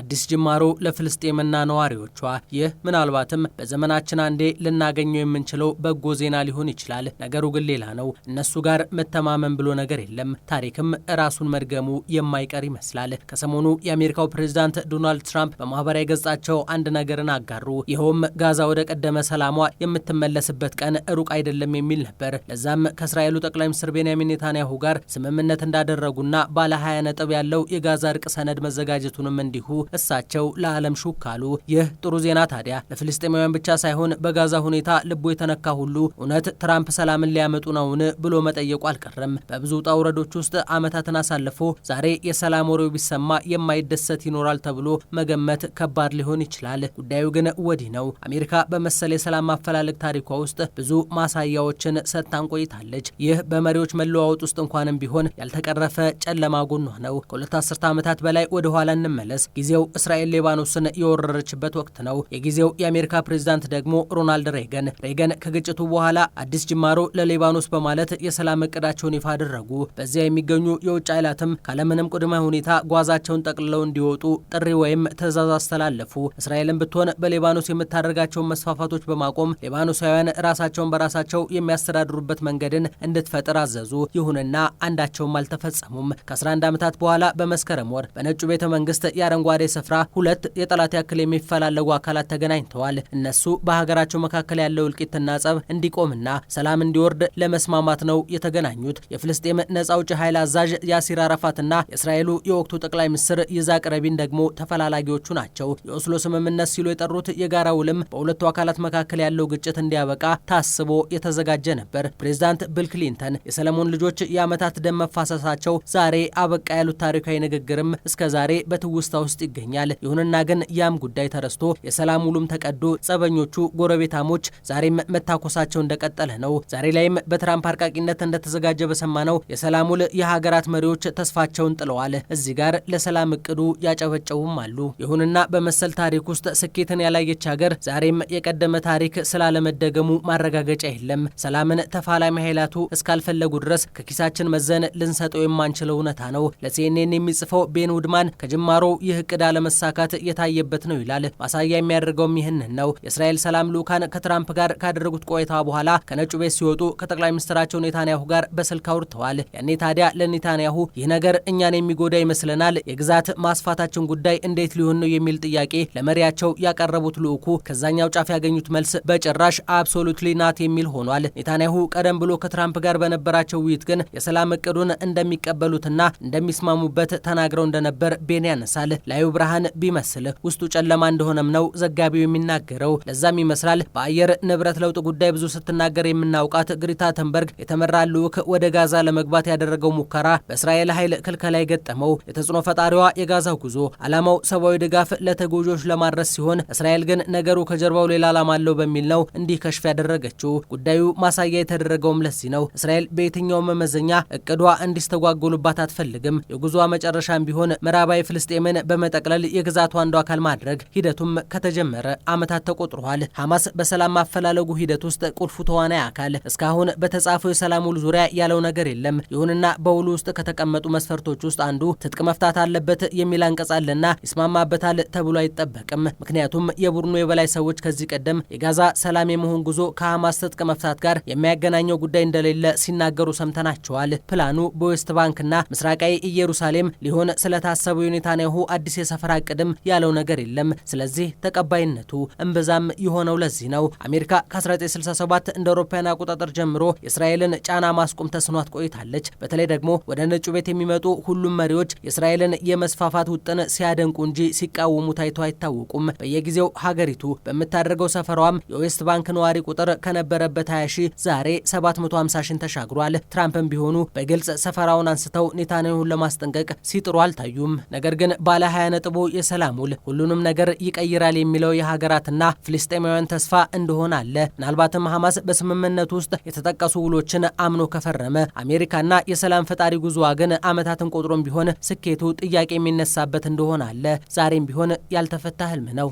አዲስ ጅማሮ ለፍልስጤምና ነዋሪዎቿ ይህ ምናልባትም በዘመናችን አንዴ ልናገኘው የምንችለው በጎ ዜና ሊሆን ይችላል። ነገሩ ግን ሌላ ነው። እነሱ ጋር መተማመን ብሎ ነገር የለም። ታሪክም ራሱን መድገሙ የማይቀር ይመስላል። ከሰሞኑ የአሜሪካው ፕሬዚዳንት ዶናልድ ትራምፕ በማህበራዊ ገጻቸው አንድ ነገርን አጋሩ። ይኸውም ጋዛ ወደ ቀደመ ሰላሟ የምትመለስበት ቀን ሩቅ አይደለም የሚል ነበር። ለዛም ከእስራኤሉ ጠቅላይ ሚኒስትር ቤንያሚን ኔታንያሁ ጋር ስምምነት እንዳደረጉና ባለ 20 ነጥብ ያለው የጋዛ እርቅ ሰነድ መዘጋጀቱንም እንዲሁ እሳቸው ለዓለም ሹክ አሉ። ይህ ጥሩ ዜና ታዲያ ለፍልስጤማውያን ብቻ ሳይሆን በጋዛ ሁኔታ ልቦ የተነካ ሁሉ እውነት ትራምፕ ሰላምን ሊያመጡ ነውን ብሎ መጠየቁ አልቀረም። በብዙ ውጣ ውረዶች ውስጥ ዓመታትን አሳልፎ ዛሬ የሰላም ወሬው ቢሰማ የማይደሰት ይኖራል ተብሎ መገመት ከባድ ሊሆን ይችላል። ጉዳዩ ግን ወዲህ ነው። አሜሪካ በመሰለ የሰላም ማፈላለግ ታሪኳ ውስጥ ብዙ ማሳያዎችን ሰጥታን ቆይታለች። ይህ በመሪዎች መለዋወጥ ውስጥ እንኳንም ቢሆን ያልተቀረፈ ጨለማ ጎኗ ነው። ከሁለት አስርተ ዓመታት በላይ ወደ ኋላ እንመለስ ጊዜ ጊዜው እስራኤል ሊባኖስን የወረረችበት ወቅት ነው። የጊዜው የአሜሪካ ፕሬዚዳንት ደግሞ ሮናልድ ሬገን። ሬገን ከግጭቱ በኋላ አዲስ ጅማሮ ለሊባኖስ በማለት የሰላም እቅዳቸውን ይፋ አደረጉ። በዚያ የሚገኙ የውጭ ኃይላትም ካለምንም ቅድመ ሁኔታ ጓዛቸውን ጠቅልለው እንዲወጡ ጥሪ ወይም ትዕዛዝ አስተላለፉ። እስራኤልም ብትሆን በሊባኖስ የምታደርጋቸውን መስፋፋቶች በማቆም ሌባኖሳውያን ራሳቸውን በራሳቸው የሚያስተዳድሩበት መንገድን እንድትፈጥር አዘዙ። ይሁንና አንዳቸውም አልተፈጸሙም። ከ11 ዓመታት በኋላ በመስከረም ወር በነጩ ቤተ መንግስት የአረንጓዴ ስፍራ ሁለት የጠላት ያክል የሚፈላለጉ አካላት ተገናኝተዋል። እነሱ በሀገራቸው መካከል ያለው እልቂትና ጸብ እንዲቆምና ሰላም እንዲወርድ ለመስማማት ነው የተገናኙት። የፍልስጤም ነጻ አውጪ ኃይል አዛዥ ያሲር አረፋትና የእስራኤሉ የወቅቱ ጠቅላይ ሚኒስትር ይዛቅ ረቢን ደግሞ ተፈላላጊዎቹ ናቸው። የኦስሎ ስምምነት ሲሉ የጠሩት የጋራ ውልም በሁለቱ አካላት መካከል ያለው ግጭት እንዲያበቃ ታስቦ የተዘጋጀ ነበር። ፕሬዚዳንት ቢል ክሊንተን የሰለሞን ልጆች የዓመታት ደም መፋሰሳቸው ዛሬ አበቃ ያሉት ታሪካዊ ንግግርም እስከ ዛሬ በትውስታ ውስጥ ይገኛል። ይሁንና ግን ያም ጉዳይ ተረስቶ የሰላም ውሉም ተቀዶ ጸበኞቹ ጎረቤታሞች ዛሬም መታኮሳቸው እንደቀጠለ ነው። ዛሬ ላይም በትራምፕ አርቃቂነት እንደተዘጋጀ ነው የሰላም ውል የሀገራት መሪዎች ተስፋቸውን ጥለዋል። እዚህ ጋር ለሰላም እቅዱ ያጨበጨቡም አሉ። ይሁንና በመሰል ታሪክ ውስጥ ስኬትን ያላየች ሀገር ዛሬም የቀደመ ታሪክ ስላለመደገሙ ማረጋገጫ የለም። ሰላምን ተፋላሚ ኃይላቱ እስካልፈለጉ ድረስ ከኪሳችን መዘን ልንሰጠው የማንችለው እውነታ ነው። ለሲኤንኤን የሚጽፈው ቤን ውድማን ከጅማሮ ይህ እቅድ እቅድ አለመሳካት የታየበት ነው ይላል። ማሳያ የሚያደርገውም ይህንን ነው። የእስራኤል ሰላም ልዑካን ከትራምፕ ጋር ካደረጉት ቆይታ በኋላ ከነጩ ቤት ሲወጡ ከጠቅላይ ሚኒስትራቸው ኔታንያሁ ጋር በስልክ አውርተዋል። ያኔ ታዲያ ለኔታንያሁ ይህ ነገር እኛን የሚጎዳ ይመስለናል፣ የግዛት ማስፋታችን ጉዳይ እንዴት ሊሆን ነው የሚል ጥያቄ ለመሪያቸው ያቀረቡት ልዑኩ ከዛኛው ጫፍ ያገኙት መልስ በጭራሽ አብሶሉትሊ ናት የሚል ሆኗል። ኔታንያሁ ቀደም ብሎ ከትራምፕ ጋር በነበራቸው ውይይት ግን የሰላም እቅዱን እንደሚቀበሉትና እንደሚስማሙበት ተናግረው እንደነበር ቤን ያነሳል። ላዩ በላዩ ብርሃን ቢመስል ውስጡ ጨለማ እንደሆነም ነው ዘጋቢው የሚናገረው። ለዛም ይመስላል በአየር ንብረት ለውጥ ጉዳይ ብዙ ስትናገር የምናውቃት ግሪታ ተንበርግ የተመራ ልዑክ ወደ ጋዛ ለመግባት ያደረገው ሙከራ በእስራኤል ኃይል ክልከላ የገጠመው። የተጽዕኖ ፈጣሪዋ የጋዛው ጉዞ ዓላማው ሰብአዊ ድጋፍ ለተጎጂዎች ለማድረስ ሲሆን እስራኤል ግን ነገሩ ከጀርባው ሌላ ዓላማ አለው በሚል ነው እንዲህ ከሽፍ ያደረገችው። ጉዳዩ ማሳያ የተደረገውም ለዚህ ነው። እስራኤል በየትኛው መመዘኛ እቅዷ እንዲስተጓጎሉባት አትፈልግም። የጉዞዋ መጨረሻም ቢሆን ምዕራባዊ ፍልስጤምን በመጠ በመጠቅለል የግዛቱ አንዱ አካል ማድረግ ሂደቱም ከተጀመረ ዓመታት ተቆጥሯል። ሐማስ በሰላም ማፈላለጉ ሂደት ውስጥ ቁልፉ ተዋናይ አካል እስካሁን በተጻፈው የሰላም ውል ዙሪያ ያለው ነገር የለም። ይሁንና በውሉ ውስጥ ከተቀመጡ መስፈርቶች ውስጥ አንዱ ትጥቅ መፍታት አለበት የሚል አንቀጽ አለና ይስማማበታል ተብሎ አይጠበቅም። ምክንያቱም የቡድኑ የበላይ ሰዎች ከዚህ ቀደም የጋዛ ሰላም የመሆን ጉዞ ከሐማስ ትጥቅ መፍታት ጋር የሚያገናኘው ጉዳይ እንደሌለ ሲናገሩ ሰምተናቸዋል። ፕላኑ በዌስት ባንክና ምስራቃዊ ኢየሩሳሌም ሊሆን ስለታሰበው የኔታንያሁ አዲስ የሰፈራ እቅድም ያለው ነገር የለም። ስለዚህ ተቀባይነቱ እምብዛም የሆነው ለዚህ ነው። አሜሪካ ከ1967 እንደ አውሮፓውያን አቆጣጠር ጀምሮ የእስራኤልን ጫና ማስቆም ተስኗት ቆይታለች። በተለይ ደግሞ ወደ ነጩ ቤት የሚመጡ ሁሉም መሪዎች የእስራኤልን የመስፋፋት ውጥን ሲያደንቁ እንጂ ሲቃወሙ ታይቶ አይታወቁም። በየጊዜው ሀገሪቱ በምታደርገው ሰፈሯም የዌስት ባንክ ነዋሪ ቁጥር ከነበረበት 20 ሺህ ዛሬ 750 ሽን ተሻግሯል። ትራምፕም ቢሆኑ በግልጽ ሰፈራውን አንስተው ኔታንያሁን ለማስጠንቀቅ ሲጥሩ አልታዩም። ነገር ግን ባለ 20 ነጥቡ የሰላም ውል ሁሉንም ነገር ይቀይራል የሚለው የሀገራትና ፍልስጤማውያን ተስፋ እንደሆነ አለ። ምናልባትም ሐማስ በስምምነቱ ውስጥ የተጠቀሱ ውሎችን አምኖ ከፈረመ አሜሪካና የሰላም ፈጣሪ ጉዞዋ ግን ዓመታትን ቆጥሮም ቢሆን ስኬቱ ጥያቄ የሚነሳበት እንደሆነ አለ። ዛሬም ቢሆን ያልተፈታ ህልም ነው።